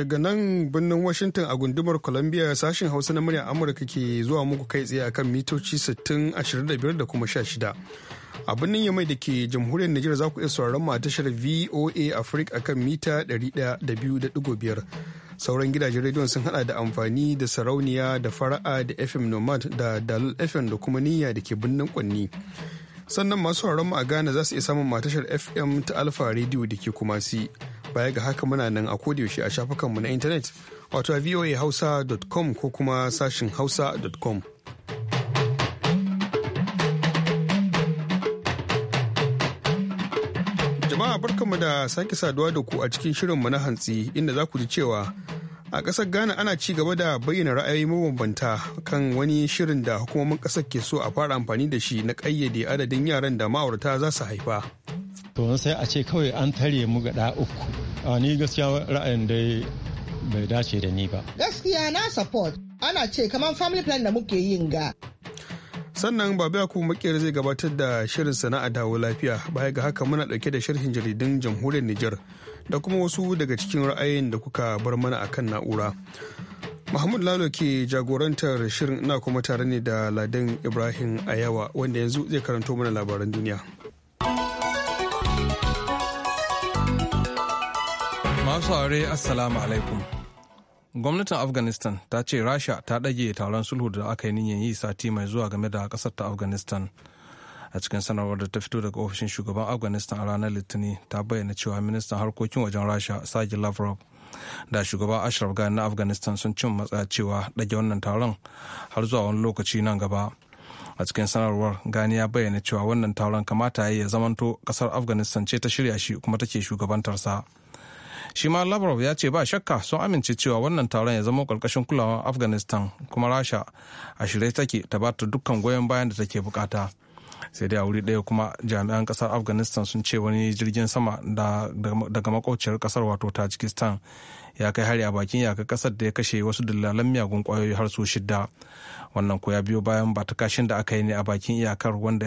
daga nan birnin Washington a gundumar Columbia sashen Hausa na murya Amurka ke zuwa muku kai tsaye akan mitoci 60, da kuma 16. a birnin yamai da ke jamhuriyar Nijar za ku iya sauraron mu a tashar VOA Africa akan mita 102.5 sauran gidajen rediyon sun hada da amfani da sarauniya da fara'a da FM Nomad da Dalil FM da kuma niyya da ke birnin Kwanni sannan masu sauraron mu a Ghana za su iya samun matashar FM ta alfa Radio da ke Kumasi baya ga haka muna nan a yaushe a shafukanmu na intanet wato a voahausa.com ko kuma sashin hausa.com jama'a barkanmu da sake saduwa da ku a cikin shirinmu na hantsi inda za ku ji cewa a ƙasar ghana ana ci gaba da bayyana ra'ayoyi mabambanta kan wani shirin da hukumomin ƙasar ke so a fara amfani da shi na ƙayyade adadin yaran da ma'aurata za su haifa to sai a ce kawai an tare mu ga uku a ni gaskiya ra'ayin dai bai dace da ni ba gaskiya na support ana ce kamar family plan da muke yin ga sannan babu yaku makera zai gabatar da shirin sana'a dawo lafiya baya ga haka muna dauke da sharhin jaridun jamhuriyar niger da kuma wasu daga cikin ra'ayin da kuka bar mana akan na'ura Mahmud Lalo ke jagorantar shirin ina kuma tare ne da Ladin Ibrahim Ayawa wanda yanzu zai karanto mana labaran duniya. Masu aure Assalamu alaikum. Gwamnatin Afghanistan ta ce Rasha ta ɗage taron sulhu da aka yi niyyar yi sati mai zuwa game da ƙasar ta Afghanistan. A cikin sanarwar da ta fito daga ofishin shugaban Afghanistan a ranar Litinin ta bayyana cewa ministan harkokin wajen Rasha Sergei Lavrov da shugaban Ashraf Ghani na Afghanistan sun cin matsa cewa ɗage wannan taron har zuwa wani lokaci nan gaba. a cikin sanarwar gani ya bayyana cewa wannan taron kamata ya yi ya zamanto ƙasar afghanistan ce ta shirya shi kuma take shugabantarsa shi ma lavrov ya ce ba shakka sun amince cewa wannan taron ya zama karkashin kulawa afghanistan kuma rasha a shirye take ta ba ta dukkan goyon bayan da take bukata sai dai a wuri ɗaya kuma jami'an kasar afghanistan sun ce wani jirgin sama daga makwabciyar ƙasar wato tajikistan ya kai hari a bakin iyakar kasar da ya kashe wasu dalilan miyagun ƙwayoyi har su shida wannan ko ya biyo bayan ba ta kashin da aka yi ne a bakin iyakar wanda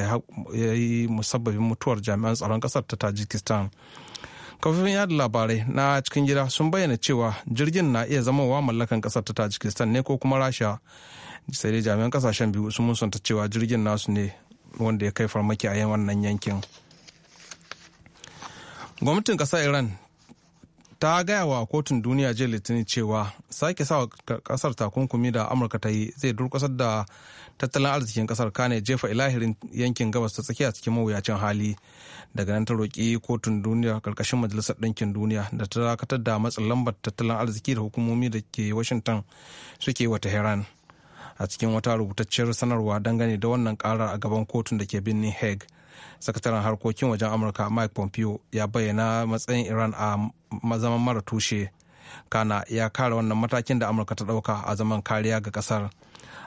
ya yi musabbabin mutuwar jami'an tsaron ƙasar ta tajikistan kafofin yada labarai na cikin gida sun bayyana cewa jirgin na iya zamowa mallakan kasar ta tajikistan ne ko kuma rasha sai dai jami'an kasashen biyu sun musanta cewa jirgin nasu ne wanda ya kai farmaki a wannan yankin gwamnatin kasar iran ta gaya wa kotun duniya jiya litinin cewa sake sa kasar takunkumi da amurka ta yi zai durkusar da tattalin arzikin kasar kane jefa ilahirin yankin gabas ta tsakiya cikin mawuyacin hali daga nan ta roƙi kotun duniya karkashin majalisar ɗinkin duniya da ta dakatar da matsin lambar tattalin arziki da hukumomi da ke washington suke wa tehran a cikin wata rubutacciyar sanarwa dangane da wannan karar a gaban kotun da ke birnin hague sakataren harkokin wajen amurka mike pompeo ya bayyana matsayin iran a zaman mara tushe kana ya kare wannan matakin da amurka ta ɗauka a zaman kariya ga ƙasar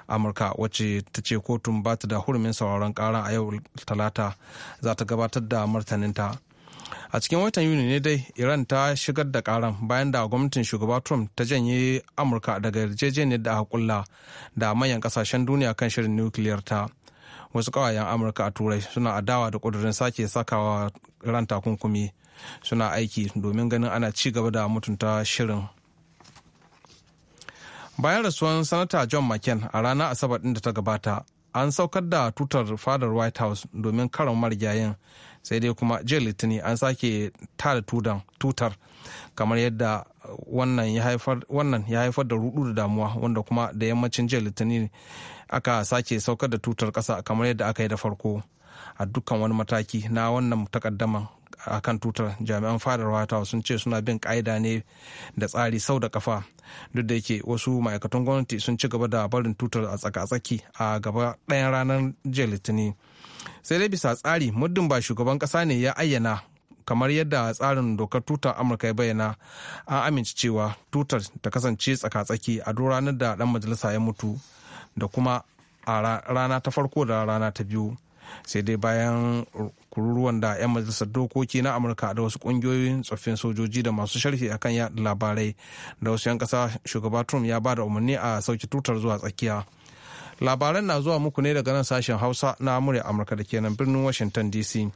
amurka wacce ta ce kotun ba ta da hurumin sauraron ƙara a yau talata za ta gabatar da martaninta a cikin watan yuni ne dai iran ta shigar da karan bayan da gwamnatin shugaba trump ta janye amurka daga yarjejeniyar da aka kulla da manyan kasashen duniya kan shirin nukiliyar ta wasu ƙawayen amurka a turai suna adawa da ƙudurin sake sakawa ran takunkumi suna aiki domin ganin ana ci gaba da mutunta shirin bayan rasuwan sanata john mccain a ranar asabar ɗin da ta gabata an saukar da tutar fadar white house domin karan marigayen sai dai kuma jiya litini an sake tada tutar kamar yadda wannan ya haifar da rudu da damuwa wanda kuma da yammacin jiya litini aka sake saukar da tutar ƙasa kamar yadda aka yi da farko a dukkan wani mataki na wannan takaddaman a kan tutar jami'an fadar watawa sun ce suna bin ƙa'ida ne da tsari sau da kafa duk da yake wasu ma'aikatan gwamnati sun ci gaba da barin tutar a tsaka-tsaki a gaba ɗayan ranar jiya litinin sai dai bisa tsari muddin ba shugaban ƙasa ne ya ayyana kamar yadda tsarin dokar tutar amurka ya bayyana an amince cewa tutar ta kasance tsaka-tsaki a duk ranar da ɗan majalisa ya mutu da kuma a rana ta farko da rana ta biyu sai dai bayan kururuwan da 'yan majalisar dokoki na amurka da wasu kungiyoyin tsoffin sojoji da masu sharhi akan yaɗa labarai da wasu 'yan kasa shugaba trump ya ba da umarni a sauki tutar zuwa tsakiya labaran na zuwa muku ne daga nan sashen hausa na amurka da ke nan birnin washington dc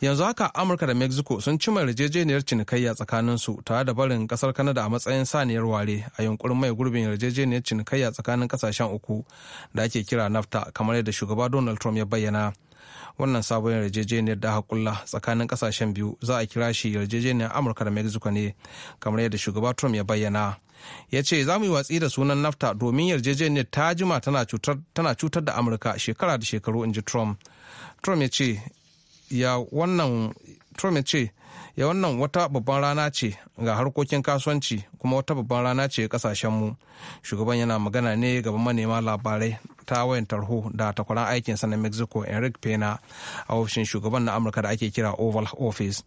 yanzu haka amurka da mexico sun cima yarjejeniyar cinikayya tsakaninsu tare da barin kasar canada a matsayin saniyar ware a yunkurin mai gurbin yarjejeniyar cinikayya tsakanin kasashen uku da ake kira nafta kamar yadda shugaba donald trump ya bayyana wannan sabon yarjejeniyar da hakulla tsakanin kasashen biyu za a kira shi yarjejeniyar amurka da mexico ne kamar yadda shugaba trump ya bayyana ya ce za mu yi watsi da sunan nafta domin yarjejeniyar ta jima tana cutar da amurka shekara da shekaru in ji trump trump ya ce ya wannan trump ya ce ya wannan wata babban rana ce ga harkokin kasuwanci kuma wata babban rana ce kasashenmu shugaban yana magana ne gaban manema labarai ta wayan tarho da takwaran aikinsa na mexico enrique pena a ofishin shugaban na amurka da ake kira oval office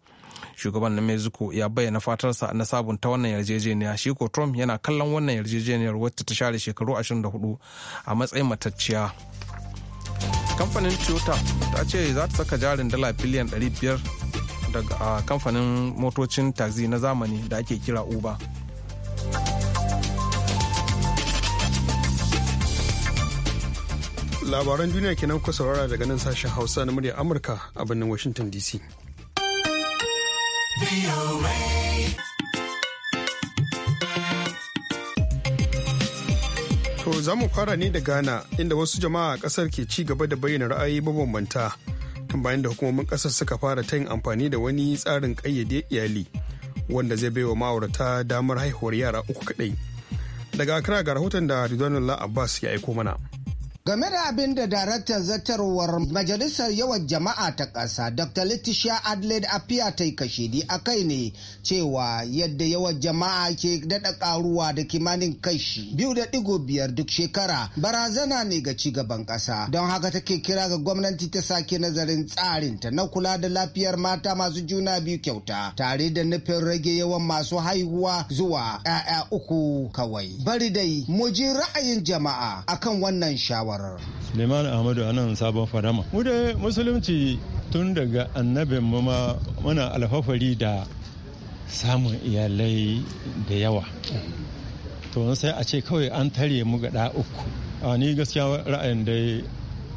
shugaban na mexico ya bayyana fatarsa na sabunta wannan yarjejeniya shi ko trump yana kallon wannan yarjejeniyar wacce ta share shekaru 24 a matsayin matacciya kamfanin toyota ta ce za ta saka jarin dala biliyan 500 daga kamfanin motocin taxi na zamani da ake kira uber labaran duniya kenan kuka saurara daga nan sashen hausa na murya amurka a birnin washington dc To za mu fara ne da Ghana inda wasu jama'a a ƙasar ke ci gaba da bayyana ra'ayi mabambanta tun bayan da hukumomin ƙasar suka fara ta yin amfani da wani tsarin ƙayyade iyali wanda zai baiwa ma'aurata damar haihuwar yara uku kaɗai. Daga Accra ga rahoton da Ridwanullah Abbas ya aiko mana. Game da abin da daraktan zartarwar Majalisar Yawan Jama'a ta ƙasa, Dr. Letitia Adelaide Apia ta yi kashedi a kai ne cewa yadda yawan jama'a ke daɗa ƙaruwa da kimanin kashi biyu da ɗigo biyar duk shekara barazana ne ga ci gaban ƙasa. Don haka take kira ga gwamnati ta sake nazarin tsarinta na kula da lafiyar mata masu juna biyu kyauta tare da nufin rage yawan masu haihuwa zuwa 'ya'ya uku kawai. Bari dai mu ji ra'ayin jama'a akan wannan shawara. kwamarar. Suleiman Ahmadu a nan sabon fadama. Mu da musulunci tun daga annabin mu ma muna alfafari da samun iyalai da yawa. To sai a ce kawai an tare mu ga uku. A ni gaskiya ra'ayin dai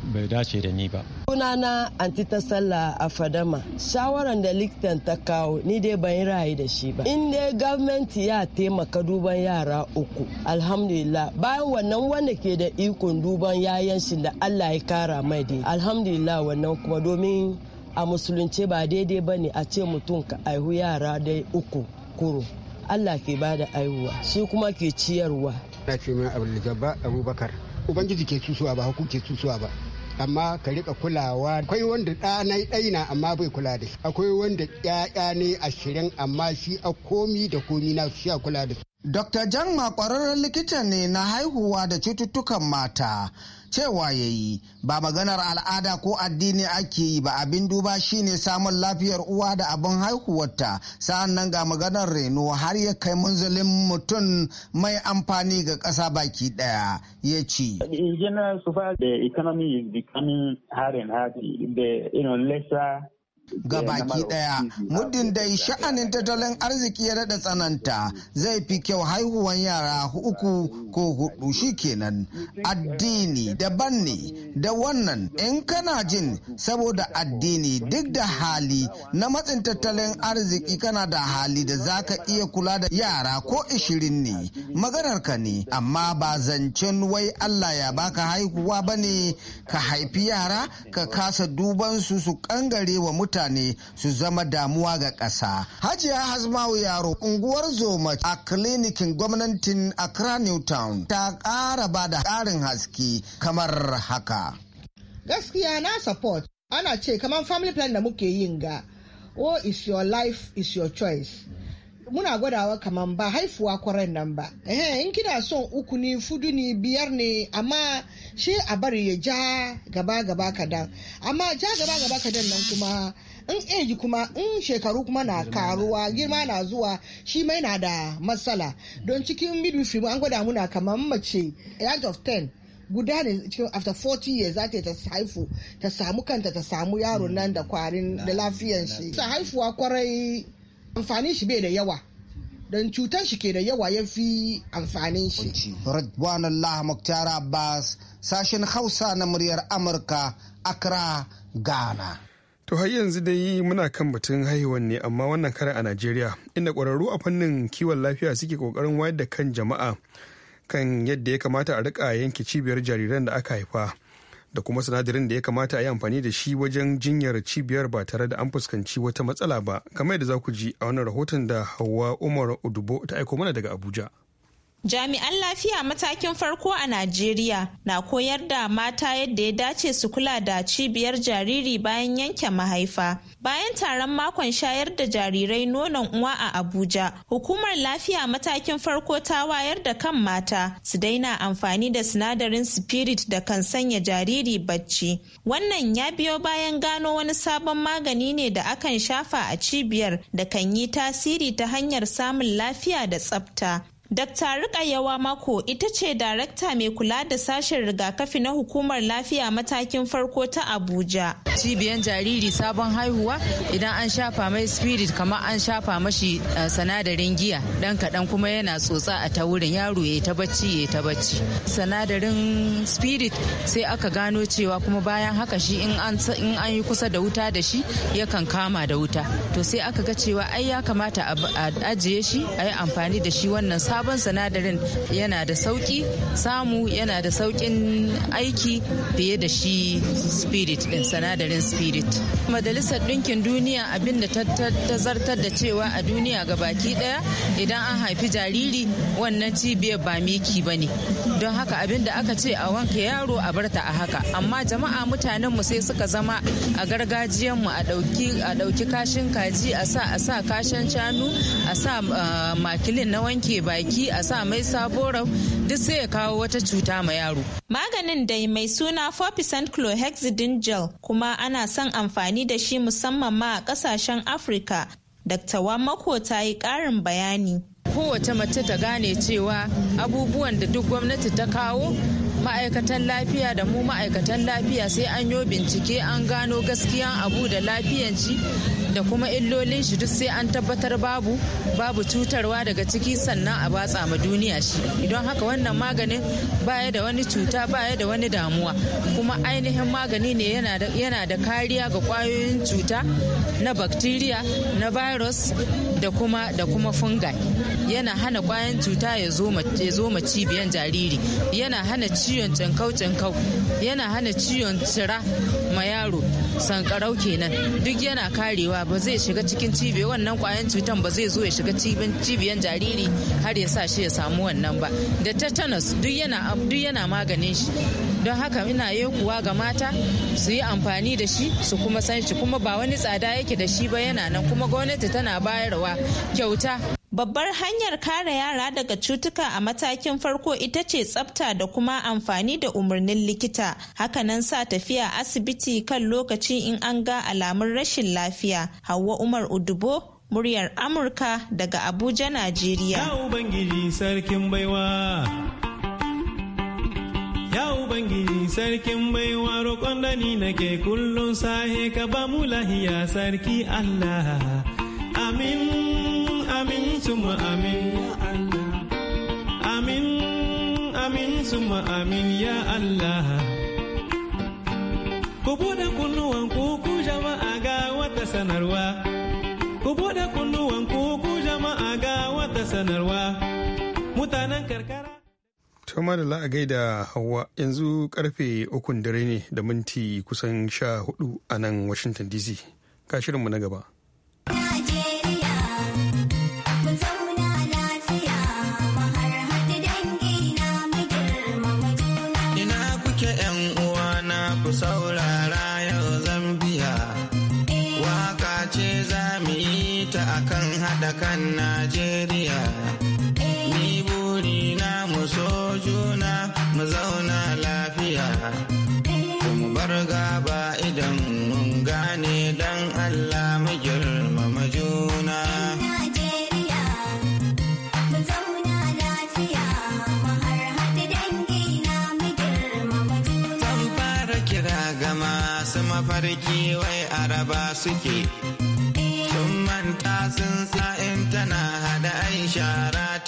bai dace da ni ba. Sunana Antita sallah a fadama shawaran da likitan ta kawo ni dai ban yi rayu da shi ba. In dai gwamnati ya taimaka duban yara uku alhamdulillah bayan wannan wanda ke da ikon duban yayan shi da Allah ya kara mai dai alhamdulillah wannan kuma domin a musulunce ba daidai ba ne a ce mutum ka aihu yara dai uku kuro. Allah ke da aihuwa shi kuma ke ciyarwa. Na ce mai Abdul Jabba Abubakar Ubangiji ke susuwa ba ke susuwa ba amma ka rika kulawa akwai wanda ɗana ɗaina amma bai kula da shi akwai wanda ƴaƴa ne ashirin amma shi a komi da komi na shi a kula da su. Dr. Jan ma kwararren likita ne na haihuwa da cututtukan mata. cewa ya yi ba maganar al'ada ko addini ake yi ba abin duba shine samun lafiyar uwa da abin haihuwarta sa'an nan ga maganar reno har ya kai munzalin mutum mai amfani ga ƙasa baki ɗaya ya ce. In general, so far the economy is becoming hard and hard. The, you know, ga eh, baki daya muddin dai sha'anin tattalin arziki ya daɗa tsananta zai fi kyau haihuwan yara uku ko hudu kenan addini daban ne da wannan in kana jin saboda addini duk da hali na matsin tattalin arziki kana da hali da zaka iya kula da yara ko ishirin ne maganar ka ne amma ba zancen wai Allah ya baka haihuwa bane ka haifi yara ka kasa duban su su kangare wa mutane mutane su zama damuwa ga ƙasa. Hajiya Hazmawu Yaro unguwar Zoma a klinikin gwamnatin Accra Newtown ta ƙara ba da ƙarin haske kamar haka. Gaskiya na support ana ce kamar family plan da muke yin ga, oh is your life is your choice. muna gwadawa kaman ba haifuwa kwarar nan ba eh in kina son uku ne fudu ne biyar ne amma shi a bari ya ja gaba gaba kadan amma ja gaba gaba kadan nan kuma in eji kuma in shekaru kuma na karuwa girma na zuwa shi mai na da matsala don cikin midwifery an gwada muna kaman mace age of 10 guda ne cikin after 40 years za ta haifu ta samu kanta ta samu yaro hmm. nan da kwarin da lafiyan shi ta haifuwa kwarai amfanin shi bai da yawa don cutar shi ke da yawa ya fi amfanin shi. Radwan Allah Muktar Abbas sashen Hausa na muryar Amurka Accra Ghana. To har yanzu dai muna kan batun haihuwan ne amma wannan kare a Najeriya inda ƙwararru a fannin kiwon lafiya suke ƙoƙarin wayar da kan jama'a kan yadda ya kamata a rika yanke cibiyar jariran da aka haifa da kuma sinadarin da ya kamata a yi amfani da shi wajen jinyar cibiyar ba tare da an fuskanci wata matsala ba kamar yadda za ku ji a wannan rahoton da hawa umar udubo ta aiko mana daga abuja Jami'an lafiya matakin farko a Najeriya na koyar da mata yadda ya dace su kula da cibiyar jariri bayan yanke mahaifa. Bayan taron makon shayar da jarirai nonon uwa a Abuja, hukumar lafiya matakin farko ta wayar da kan mata su daina amfani da sinadarin spirit da kan sanya jariri bacci. Wannan ya biyo bayan gano wani sabon magani ne da akan shafa a cibiyar da kan yi tasiri ta hanyar samun lafiya da tsafta. Dr. Rikayawa Mako ita ce darakta mai kula da sashen rigakafi na hukumar lafiya matakin farko ta Abuja. Cibiyan jariri sabon haihuwa idan an shafa mai spirit kamar an shafa mashi eh, sanadarin giya dan kaɗan kuma yana tsotsa a ta wurin yaro ya ta bacci ya ta bacci. Sanadarin spirit sai aka gano cewa kuma bayan haka shi in an yi kusa da wuta da shi yakan kama da wuta. To sai aka ga cewa ai ya kamata a ajiye shi a yi amfani da shi wannan sa sabon sinadarin yana da sauki samu yana da saukin aiki fiye da shi spirit din sinadarin spirit majalisar ɗinkin duniya abin da ta zartar da cewa a duniya ga baki ɗaya idan an haifi jariri wannan cibiyar ba miki ba ne don haka abin da aka ce a wanke yaro a barta a haka amma jama'a mutanen mu sai suka zama a gargajiyan mu a ɗauki kashin kaji a sa a sa kashin shanu a sa ah, makilin na wanke baki jiki a sa mai saborau duk sai ya kawo wata cuta ma yaro. Maganin dai mai suna 4% chlorhexidine gel kuma ana son amfani da shi musamman ma a kasashen Afirka. Dr. Wamako ta yi ƙarin bayani. Kowace mace ta gane cewa abubuwan da duk gwamnati ta kawo ma'aikatan lafiya da mu ma'aikatan lafiya sai an yo bincike an gano gaskiyan abu da lafiyan shi da kuma illolin shi duk sai an tabbatar babu babu cutarwa daga ciki sannan a batsa ma duniya shi don haka wannan maganin baya da wani cuta baya da wani damuwa kuma ainihin magani ne yana da kariya ga kwayoyin cuta na bakteriya na virus da kuma da kuma fungi yana hana kwayan cuta ya zo ma cibiyan jariri yana hana ciwon cankau cankau yana hana ciwon cira ma yaro sankarau kenan duk yana karewa ba zai shiga cikin cibiyar wannan kwayan cutan ba zai zo ya shiga cibiyan jariri har ya sa shi ya samu wannan ba da tetanus duk yana duk yana maganin shi don haka ina kuwa ga mata su yi amfani da shi su kuma san shi kuma ba wani tsada yake da shi ba yana nan kuma gwamnati tana bayarwa kyauta Babbar hanyar kare yara daga cutuka a matakin farko ita ce tsafta da kuma amfani da umarnin likita, hakanan sa tafiya asibiti kan lokaci in an ga alamun rashin lafiya. Hauwa Umar Udubo, muryar Amurka daga Abuja, Najeriya. Ya Ubangiji sarkin baiwa. Ya Ubangiji sarkin baiwa roƙon da ni nake kullum sahe ka ba mu lahiya sarki Allah. Amin. amin suma amin ya Allah amin amin suma amin ya Allah ku bude kunnuwan ku ku jama'a ga wata sanarwa ku bude kunnuwan ku ku jama'a ga wata sanarwa mutanen karkara Tuma da la'agai da hawa yanzu karfe ukun dare ne da minti kusan sha hudu a nan Washington DC. Ka shirinmu na gaba. kan Najeriya.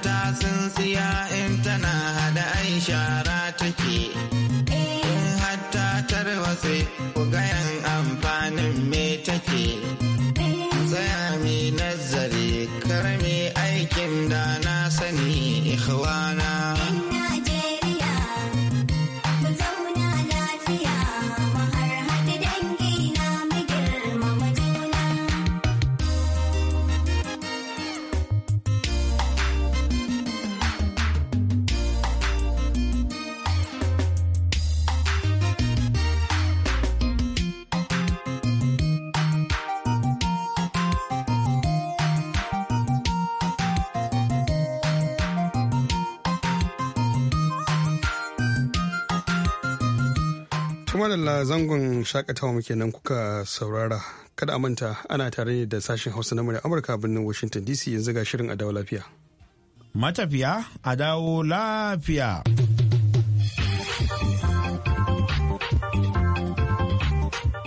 ta sun siya in tana hada shara take in hatta tarwatse kuma da zangon shakatawa muke nan kuka saurara kada a manta ana tare ne da sashen hausa na murya amurka birnin washington dc yanzu ga shirin adawa lafiya matafiya a dawo lafiya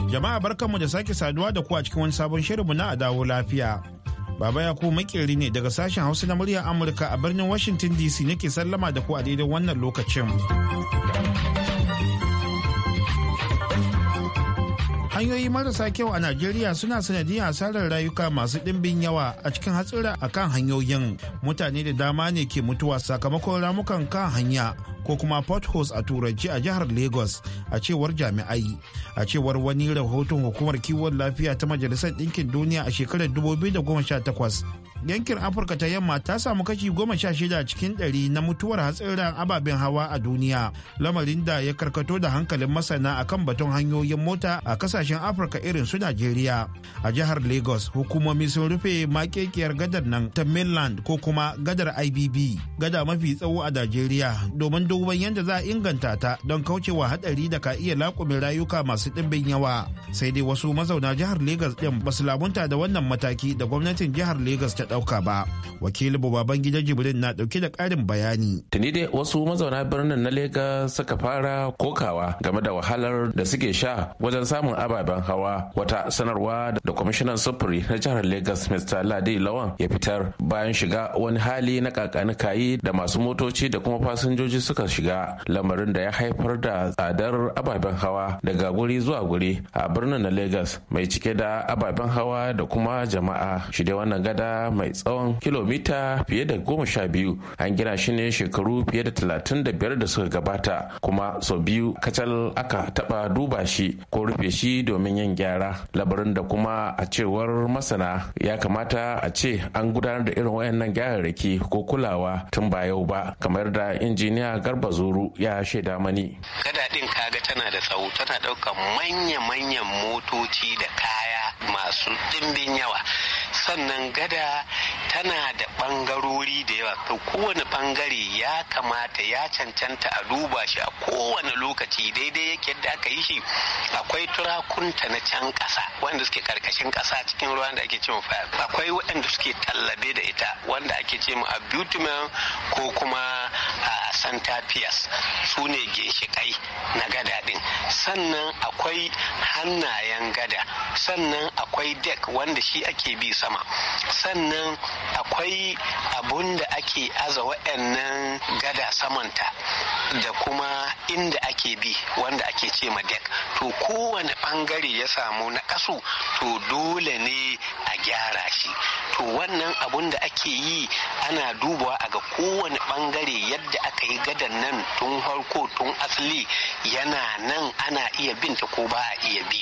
jama'a barkanmu da sake saduwa da ku a cikin wani sabon shirinmu na a lafiya Baba ya ku makeri ne daga sashen Hausa na muryar Amurka a birnin Washington DC nake sallama da ku a daidai wannan lokacin. hanyoyi marasa kyau a najeriya suna sanadiyar asarar rayuka masu ɗimbin yawa a cikin hatsira a kan hanyoyin mutane da dama ne ke mutuwa sakamakon ramukan kan hanya ko kuma potholes a turanci a jihar lagos a cewar jami'ai a cewar wani rahoton hukumar kiwon lafiya ta majalisar ɗinkin duniya a shekarar 2018 yankin afirka ta yamma ta samu kashi goma sha shida cikin ɗari na mutuwar hatsarin ababen hawa a duniya lamarin da ya karkato da hankalin masana akan batun hanyoyin mota a kasashen afirka irin su najeriya a jihar lagos hukumomi sun rufe makekiyar gadar nan ta mainland ko kuma gadar ibb gada mafi tsawo a najeriya domin duban yadda za a inganta ta don kaucewa hadari da ka iya lakumin rayuka masu ɗimbin yawa sai dai wasu mazauna jihar lagos ɗin ba su labunta da wannan mataki da gwamnatin jihar lagos ta dauka ba wakilin baban gidan jibrin na dauke da karin bayani tuni dai wasu mazauna birnin na Legas suka fara kokawa game da wahalar da suke sha wajen samun ababen hawa wata sanarwa da kwamishinan sufuri na jihar Legas mr ladi lawan ya fitar bayan shiga wani hali na kayi da masu motoci da kuma fasinjoji suka shiga lamarin da ya haifar da tsadar ababen hawa daga guri zuwa guri a birnin na Legas mai cike da ababen hawa da kuma jama'a shi dai wannan gada mai tsawon kilomita fiye da goma sha biyu an gina shi ne shekaru fiye da talatin da biyar da suka gabata kuma sau biyu kacal aka taba duba shi ko rufe shi domin yin gyara labarin da kuma a cewar masana ya kamata a ce an gudanar da irin wayannan gyararraki ko kulawa tun ba yau ba kamar da injiniya garba zuru ya shaida mani gada din kaga tana da tsawo tana daukan manya-manyan motoci da kaya masu dimbin yawa sannan gada tana da ɓangarori da yawa to kowane ɓangare ya kamata ya cancanta a duba shi a kowane lokaci daidai yake da aka yi shi akwai turakunta na can ƙasa wanda suke karkashin ƙasa cikin ruwan da ake ce fire akwai waɗanda suke tallabe da ita wanda ake ce mu abutment ko kuma a santa piers su ne ginshiƙai na gada din sannan akwai hannayen gada sannan akwai deck wanda shi ake bi sama sannan akwai abunda ake aza wa'annan gada samanta da kuma inda ake bi wanda ake ce ma deck to kowane bangare ya samu na kasu to dole ne a gyara shi to wannan abun da ake yi ana dubawa a ga kowane bangare yadda aka yi gadan nan tun harko tun asali yana nan ana iya binta ko ba a iya bi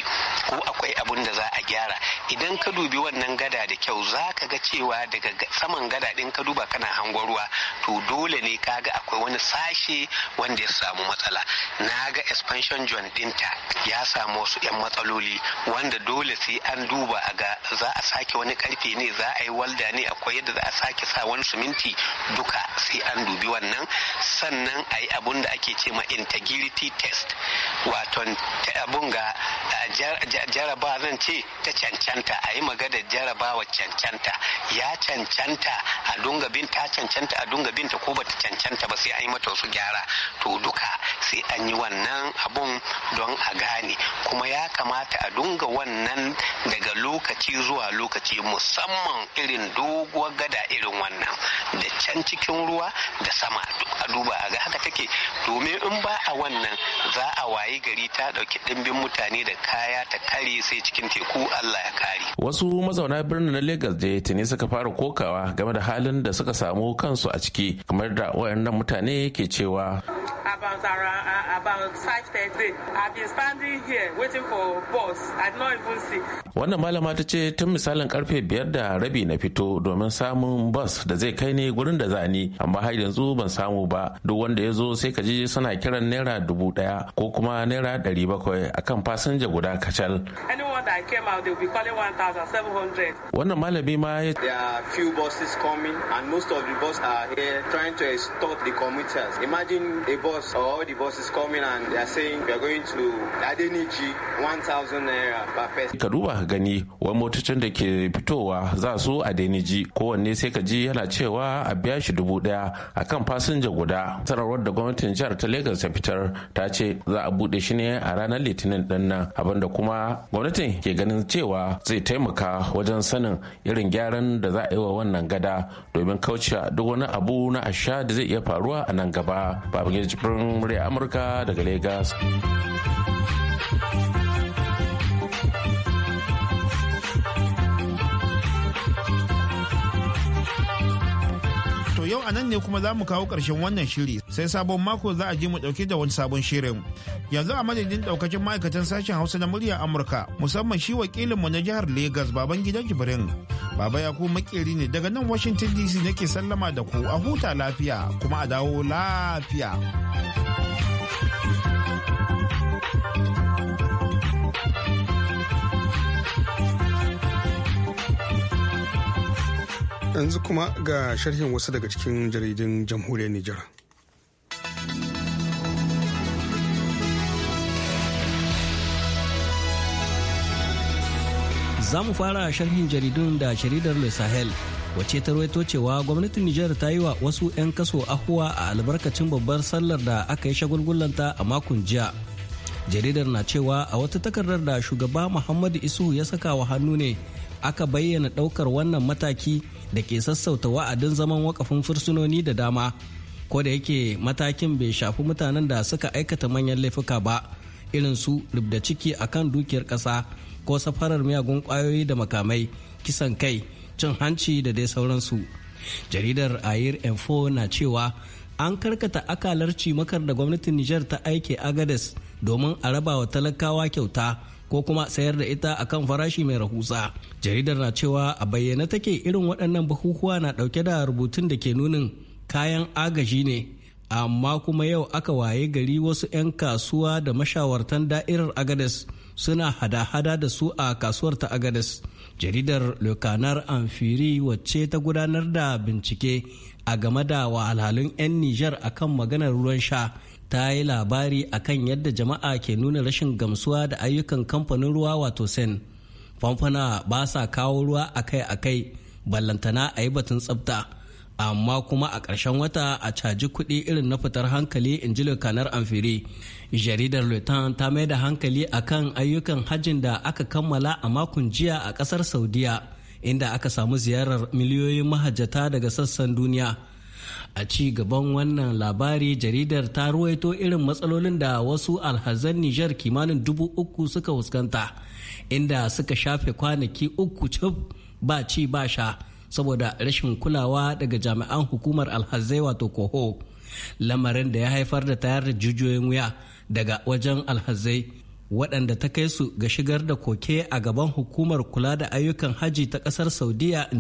ko akwai abin da za a gyara idan ka dubi wannan gada da kyau za ka ga cewa daga saman gada din ka duba kana hangon ruwa to dole ne ka ga akwai wani sashe wanda ya samu matsala na ga expansion joint dinta ya samu wasu 'yan matsaloli wanda dole sai an duba a ga za a sake wani karfe ne za a yi walda ne akwai yadda za a sake sa wani suminti duka sai an dubi wannan sannan a yi abun da ake ce ma integrity test waton abun ga jaraba zan ce ta cancanta a yi magana jarabawa cancanta ya cancanta a dunga bin ta cancanta a dunga binta ko bata cancanta ba sai an yi mata wasu gyara to duka sai an yi wannan abun don a gane kuma ya kamata a dunga wannan daga lokaci zuwa lokaci musamman irin doguwar gada irin wannan da can cikin ruwa da sama a duba a ga haka take domin in ba a wannan za a wayi gari ta dauki dimbin mutane da kaya ta kare sai cikin teku Allah ya kare wasu mazauna birnin na Lagos da tuni suka fara kokawa game da halin da suka samu kansu a ciki kamar da wayannan mutane ke cewa about uh, about 5:30 I've been standing here waiting for bus I not even see wannan malama ta ce tun misalin karfe biyar da rabi na fito domin samun bus da zai kai ni gurin da zani amma har yanzu ban samu ba duk wanda ya zo sai ka ji suna kiran naira dubu daya ko kuma naira dari bakwai akan fasinja guda kacal. one that came out, they'll be calling 1,700. Wannan malami ma ya There are few buses coming and most of the buses are here trying to extort the commuters. Imagine a bus or all the buses coming and they are saying we are going to Adeniji 1,000 naira per person. Ka duba gani wani motocin da ke fitowa za su Adeniji kowanne sai ka ji yana cewa a biya shi dubu daya akan fasinja guda. Sanarwar da gwamnatin jihar ta Lagos ta fitar ta ce za a bude shi ne a ranar Litinin din nan abinda kuma gwamnatin ke ganin cewa zai taimaka wajen sanin irin gyaran da za a yi wa wannan gada domin kaucewa duk wani abu na asha da zai iya faruwa a nan gaba babangida jibrin murya amurka daga lagos a nan ne kuma za mu kawo ƙarshen wannan shiri sai sabon mako za a je mu ɗauke da wani sabon shirin. Yanzu a madadin ɗaukacin ma'aikatan sashen Hausa na muryar Amurka musamman shi wakilinmu na jihar Legas baban gidan Jibrin. Baba ya ku makeri ne daga nan Washington DC nake sallama da ku a huta lafiya kuma a dawo lafiya. yanzu kuma ga sharhin wasu daga cikin jaridun jamhuriyar Nijar. Za mu fara sharhin jaridun da jaridar Le Sahel wace ta rawaito cewa gwamnatin Nijar ta yi wa wasu 'yan kaso ahuwa a albarkacin babbar sallar da aka yi shagulgulanta a makon jiya. Jaridar na cewa a wata takardar da shugaba Muhammadu Isu ya saka wa hannu ne aka bayyana ɗaukar wannan mataki da ke sassauta wa'adin zaman wakafin fursunoni da dama ko da yake matakin bai shafi mutanen da suka aikata manyan laifuka ba irin su rubda ciki a kan dukiyar ƙasa ko safarar miyagun ƙwayoyi da makamai kisan kai cin hanci da dai sauransu jaridar ayir info na cewa an karkata akalar cimakar da gwamnatin niger ta aike agades domin a rabawa talakawa kyauta ko kuma sayar da ita a kan farashi mai rahusa jaridar na cewa a bayyane take irin waɗannan bukukuwa na ɗauke da rubutun da ke nunin kayan agaji ne amma kuma yau aka waye gari wasu 'yan kasuwa da mashawartan da'irar agades suna hada-hada da su a kasuwar ta agades jaridar lokanar amfiri wacce ta gudanar da bincike a game da wahalhalun 'yan nijar akan maganar ruwan sha ta yi labari a kan yadda jama'a ke nuna rashin gamsuwa da ayyukan kamfanin ruwa wato sen famfana ba sa kawo ruwa akai-akai ballantana a yi batun tsabta amma kuma a ƙarshen wata a caji kuɗi irin na fitar hankali in ji lokanar amfiri jaridar lutan ta mai da hankali kan ayyukan hajjin da aka kammala a makon jiya a ƙasar saudiya inda aka samu ziyarar miliyoyin mahajjata daga sassan duniya a ci gaban wannan labari jaridar ta ruwaito irin matsalolin da wasu alhazan nijar kimanin dubu uku suka fuskanta inda suka shafe kwanaki uku cif ba ci ba sha saboda rashin kulawa daga jami'an hukumar alhazai wato koho lamarin da ya haifar da tayar da jijiyoyin wuya daga wajen alhazai waɗanda ta kai su ga shigar da koke a gaban hukumar kula da ayyukan haji ta ƙasar saudiya in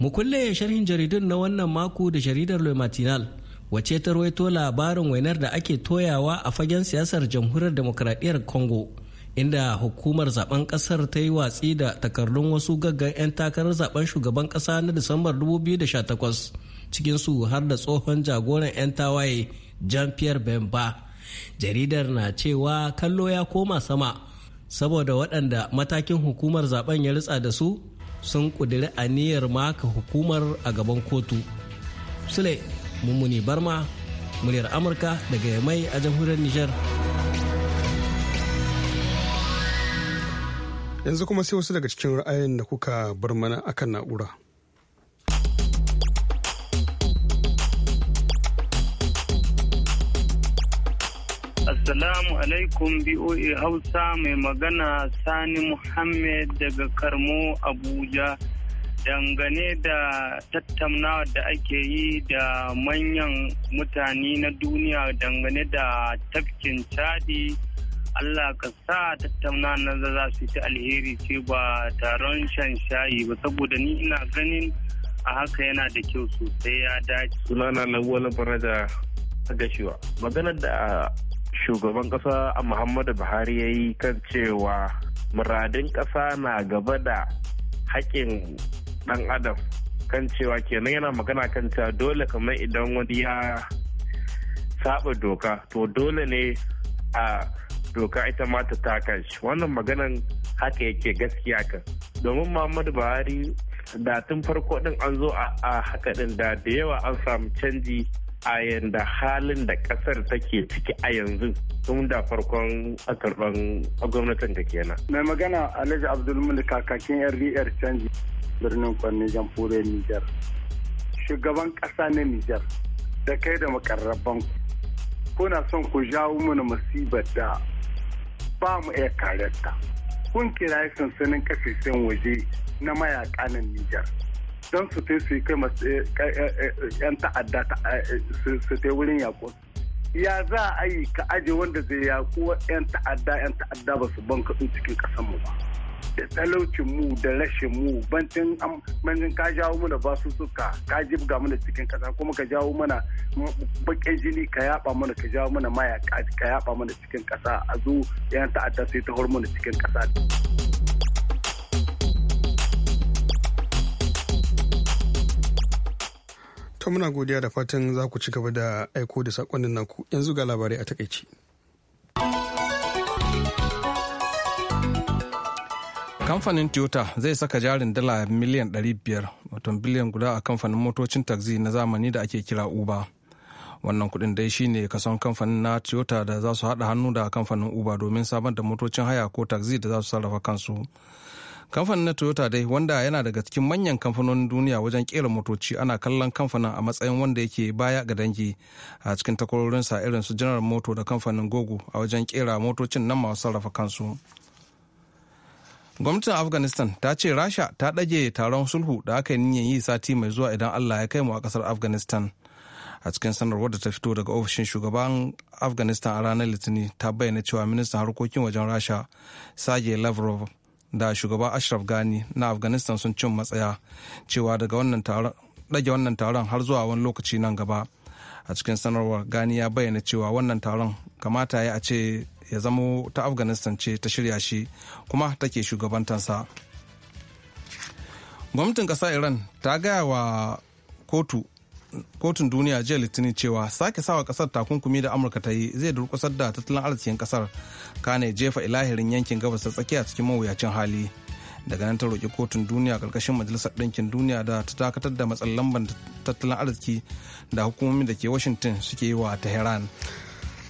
Mu kulle sharhin jaridun na wannan mako da jaridar Le Matinal wace ta rawaito labarin wainar da ake toyawa a fagen siyasar jamhuriyar demokradiyyar Congo inda hukumar zaben kasar ta yi watsi da takardun wasu gaggan 'yan takarar zaben shugaban kasa na Disambar 2018 su har da tsohon jagoran 'yan tawaye Jean-Pierre Bemba. jaridar na cewa kallo ya koma sama saboda waɗanda matakin hukumar zaben ya ritsa da su sun ƙudiri aniyar maka hukumar a gaban kotu sule mummuni barma muryar amurka daga yamai a jamhuriyar nijar yanzu kuma sai wasu daga cikin ra'ayin da kuka bar mana akan na'ura Assalamu alaikum BOA Hausa mai magana Sani Muhammad daga Karmo Abuja. Dangane da tattaunawa da ake yi da manyan mutane na duniya dangane da tafkin Chadi, Allah ka sa tattauna na za su ta alheri ce ba taron shan shayi ba saboda ni ina ganin a haka yana da kyau sosai ya dace. Sunana na wani faraja gashiwa. Maganar da shugaban ƙasa muhammadu buhari ya yi kan cewa muradin ƙasa na gaba da haƙƙin ɗan adam kan cewa kenan yana magana kan cewa dole kamar idan wani ya saba doka to dole ne a doka ita ma ta taka shi wannan maganan haka yake gaskiya kan domin muhammadu buhari da tun farko din an zo a haka din da da yawa an samu canji a yanda halin da kasar take ciki a yanzu tun da farkon a karban gwamnatin da kenan. mai magana alhaji abdulmulik kakakin rdr canji birnin kwanne jamfure niger shugaban kasa na niger da kai da makarraban kuna son ku jawo mana musibar da ba mu iya ta kun kira sansanin kasashen waje na mayaka na niger don su te su yi kai masu eh, eh, eh, yan ta'adda su te wurin yaƙo ya za a yi ka aje wanda zai yaƙo yan ta'adda yan ta'adda ba su ban kaɗin cikin ƙasanmu ba da talaucin mu da rashin mu bantin bantin ka jawo mana basu suka ka jibga mana cikin kasa kuma ka jawo mana bakin jini ka yaba mana ka jawo mana maya ka yaba mana cikin kasa a zo yan ta'adda sai ta hormona cikin kasa haka muna godiya da fatan za ku ci gaba da aiko da nan ku yanzu ga labarai a takaici. kamfanin toyota zai saka jarin dala miliyan 500 wato biliyan guda a kamfanin motocin taxi na zamani da ake kira uber wannan kudin dai shine kason kamfanin na toyota da za su haɗa hannu da kamfanin uber domin samar da motocin haya ko taxi da za su sarrafa kansu kamfanin na toyota dai wanda yana daga cikin manyan kamfanonin duniya wajen kera motoci ana kallon kamfanin a matsayin wanda yake baya ga dangi a cikin takwarorinsa irin su general moto da kamfanin gogo a wajen kera motocin nan masu sarrafa kansu gwamnatin afghanistan ta ce rasha ta ɗage taron sulhu da aka yi niyyar yi sati mai zuwa idan allah ya kai mu a ƙasar afghanistan a cikin sanarwar da ta fito daga ofishin shugaban afghanistan a ranar litinin ta bayyana cewa ministan harkokin wajen rasha sergei lavrov da shugaba ashraf gani na afghanistan sun cin matsaya cewa daga wannan taron ɗage wannan taron har zuwa wani lokaci nan gaba a cikin sanarwar gani ya bayyana cewa wannan taron kamata ya a ce ya zamo ta afghanistan ce ta shirya shi kuma take shugabantansa gwamnatin ƙasa iran ta gaya wa kotu kotun duniya jiya litinin cewa sake sawa kasar takunkumi da amurka ta yi zai durkusar da tattalin arzikin kasar kane jefa ilahirin yankin gabas ta tsakiya cikin mawuyacin hali daga nan ta roƙi kotun duniya ƙarƙashin majalisar ɗinkin duniya da ta dakatar da matsalar lambar tattalin arziki da hukumomin da ke washington suke yi wa tehran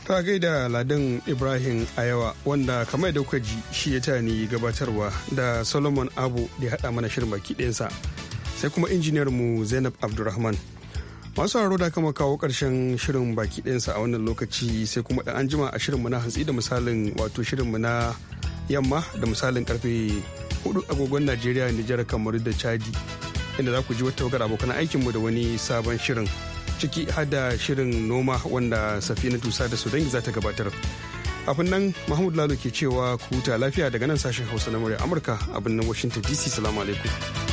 ta gaida ladin ibrahim ayawa wanda kamar da kuka ji shi ya ta ni gabatarwa da solomon abu da ya haɗa mana shirin baki ɗinsa sai kuma injiniyar mu zainab abdulrahman masu sauraro da kama kawo karshen shirin baki ɗinsa a wannan lokaci sai kuma ɗan anjima a shirinmu na hantsi da misalin wato shirinmu na yamma da misalin karfe 4 agogon najeriya nijar kamar da chadi inda za ku ji wata wakar abokan aikinmu da wani sabon shirin ciki hada shirin noma wanda safina tusa da sudan za ta gabatar abin nan mahmud lalo ke cewa ku ta lafiya daga nan sashen hausa na murya amurka abin nan washington dc salamu alaikum